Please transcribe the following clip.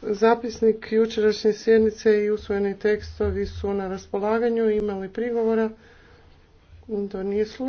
Zapisnik jučerašnje sjednice i usvojeni tekstovi su na raspolaganju. Imali prigovora? To nije